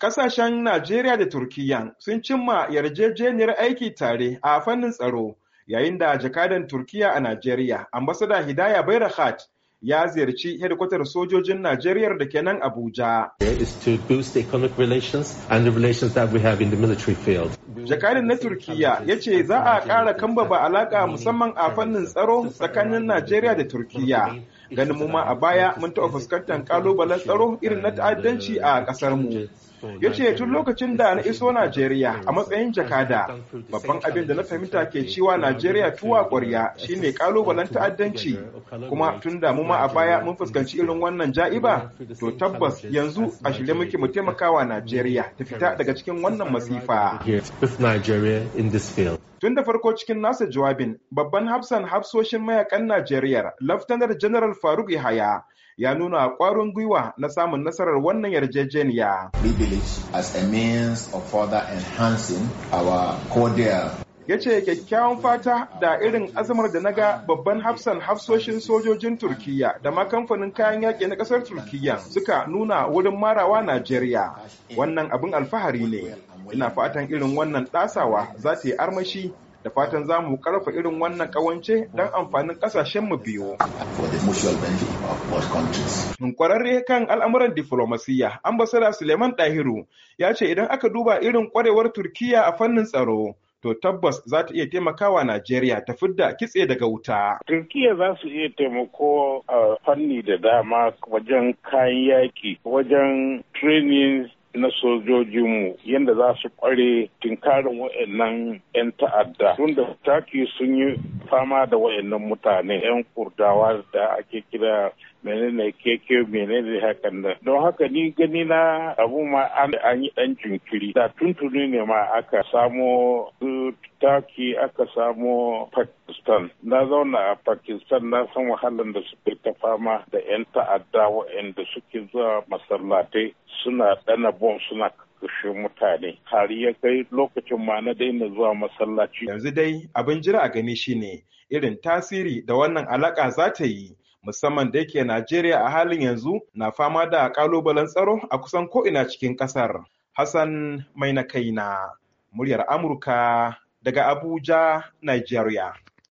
Ƙasashen Najeriya da Turkiyya sun cimma yarjejeniyar aiki tare a fannin tsaro, yayin da jakadan Turkiyya a Najeriya, ambasada Hidaya Bayrahat, ya ziyarci hedikwatar sojojin Najeriya da ke nan Abuja. jakadan na Turkiyya ya ce za a ƙara kambaba alaƙa musamman a fannin tsaro tsakanin Najeriya da Turkiyya. Ganin mu ma a baya mun taɓa fuskantar ƙalubalen tsaro irin na ta'addanci a ƙasar mu. ya ce tun lokacin da na iso najeriya a matsayin jakada babban abin da na fahimta ke cewa najeriya tuwa kwarya shine ƙalubalen ta'addanci kuma tun da mu ma a baya mun fuskanci irin wannan ja'iba to tabbas yanzu a shirye muke mu taimakawa najeriya ta fita daga cikin wannan masifa tun da farko cikin nasa jawabin babban hafsan hafsoshin mayakan najeriya laftanar general faruk yahaya ya nuna ƙwarin gwiwa na samun nasarar wannan yarjejeniya village as a means of further enhancing our cordial ya ce kyakkyawan fata da irin azamar da naga babban hafsan hafsoshin sojojin Turkiyya da ma kamfanin kayan yaƙi na ƙasar Turkiyya suka nuna wurin marawa najeriya wannan abin alfahari ne ina fatan irin wannan ɗasawa za ta yi armashi da fatan za mu karfa irin wannan kawance don amfanin kasashen mu biyu. Kwararre kan al'amuran diflomasiyya, ambasada Suleiman Dahiru ya ce idan aka duba irin kwarewar Turkiya a fannin tsaro, to tabbas za ta iya taimakawa Najeriya ta fidda kitse daga wuta. Turkiya za su iya taimako a fanni da dama wajen kayan yaƙi wajen trainings na sojojinmu yadda za su kware tinkarin wa'annan 'yan ta'adda tun da taki sun yi fama da wa'annan mutane 'yan kurdawa da ake kira menene keke menene hakan da don haka ni gani na abu ma an yi dan jinkiri da tuntuni ne ma aka samo uh, taki aka samo fat Pakistan. Na zauna a Pakistan na san wahalar da suke ta fama da 'yan ta'adda waɗanda suke zuwa masallatai suna ɗana bom suna kashe mutane har ya kai lokacin ma na daina zuwa masallaci. Yanzu dai abin jira a gani shine irin tasiri da wannan alaka za ta yi musamman da yake Najeriya a halin yanzu na fama da ƙalubalen tsaro a kusan ko'ina cikin ƙasar, Hassan mai na kaina, muryar Amurka daga Abuja, Nigeria.